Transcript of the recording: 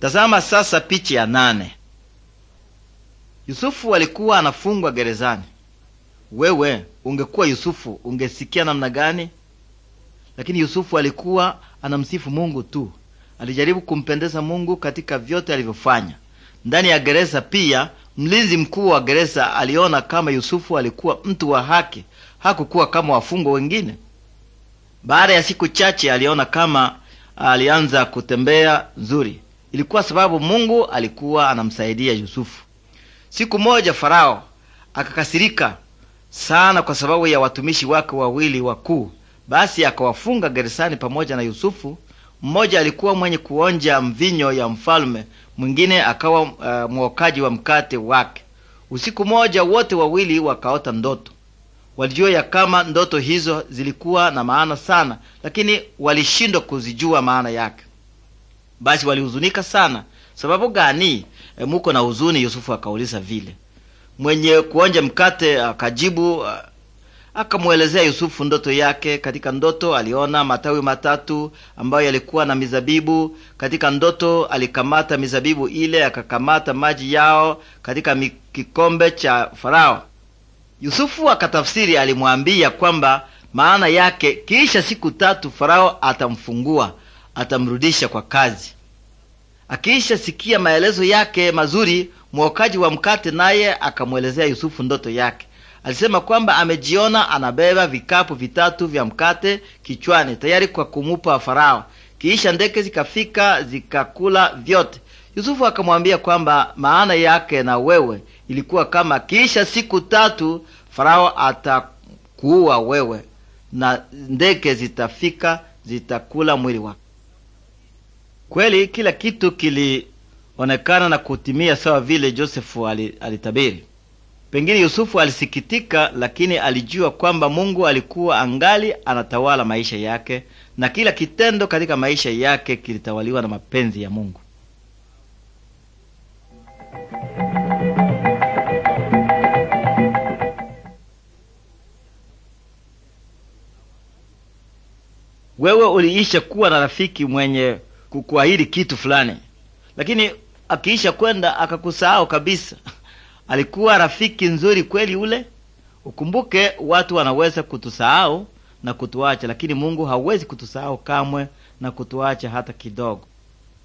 Tazama sasa picha ya nane. Yusufu alikuwa anafungwa gerezani. Wewe ungekuwa Yusufu, ungesikia namna gani? Lakini Yusufu alikuwa anamsifu Mungu tu. Alijaribu kumpendeza Mungu katika vyote alivyofanya. Ndani ya gereza pia, mlinzi mkuu wa gereza aliona kama Yusufu alikuwa mtu wa haki, hakukuwa kama wafungwa wengine. Baada ya siku chache, aliona kama alianza kutembea nzuri. Ilikuwa sababu Mungu alikuwa anamsaidia Yusufu. Siku moja Farao akakasirika sana kwa sababu ya watumishi wake wawili wakuu, basi akawafunga gerezani pamoja na Yusufu. Mmoja alikuwa mwenye kuonja mvinyo ya mfalme, mwingine akawa uh, mwokaji wa mkate wake. Usiku moja wote wawili wakaota ndoto. Walijua ya kama ndoto hizo zilikuwa na maana sana, lakini walishindwa kuzijua maana yake. Basi walihuzunika sana. Sababu gani e, muko na huzuni? Yusufu akauliza vile. Mwenye kuonja mkate akajibu, akamwelezea Yusufu ndoto yake. Katika ndoto aliona matawi matatu ambayo yalikuwa na mizabibu. Katika ndoto alikamata mizabibu ile, akakamata maji yao katika kikombe cha Farao. Yusufu akatafsiri, alimwambia kwamba maana yake kisha siku tatu Farao atamfungua atamrudisha kwa kazi. Akiisha sikia maelezo yake mazuri, mwokaji wa mkate naye akamwelezea Yusufu ndoto yake. Alisema kwamba amejiona anabeba vikapu vitatu vya mkate kichwani tayari kwa kumupa Farao. kiisha ndeke zikafika zikakula vyote. Yusufu akamwambia kwamba maana yake na wewe ilikuwa kama kiisha siku tatu Farao atakuua wewe na ndeke zitafika zitakula mwili wako. Kweli kila kitu kilionekana na kutimia sawa vile Josefu alitabiri. Pengine Yusufu alisikitika, lakini alijua kwamba Mungu alikuwa angali anatawala maisha yake na kila kitendo katika maisha yake kilitawaliwa na mapenzi ya Mungu. Wewe uliisha kuwa na rafiki mwenye kukuahidi kitu fulani, lakini akiisha kwenda akakusahau kabisa. Alikuwa rafiki nzuri kweli ule. Ukumbuke, watu wanaweza kutusahau na kutuacha, lakini Mungu hawezi kutusahau kamwe na kutuacha hata kidogo.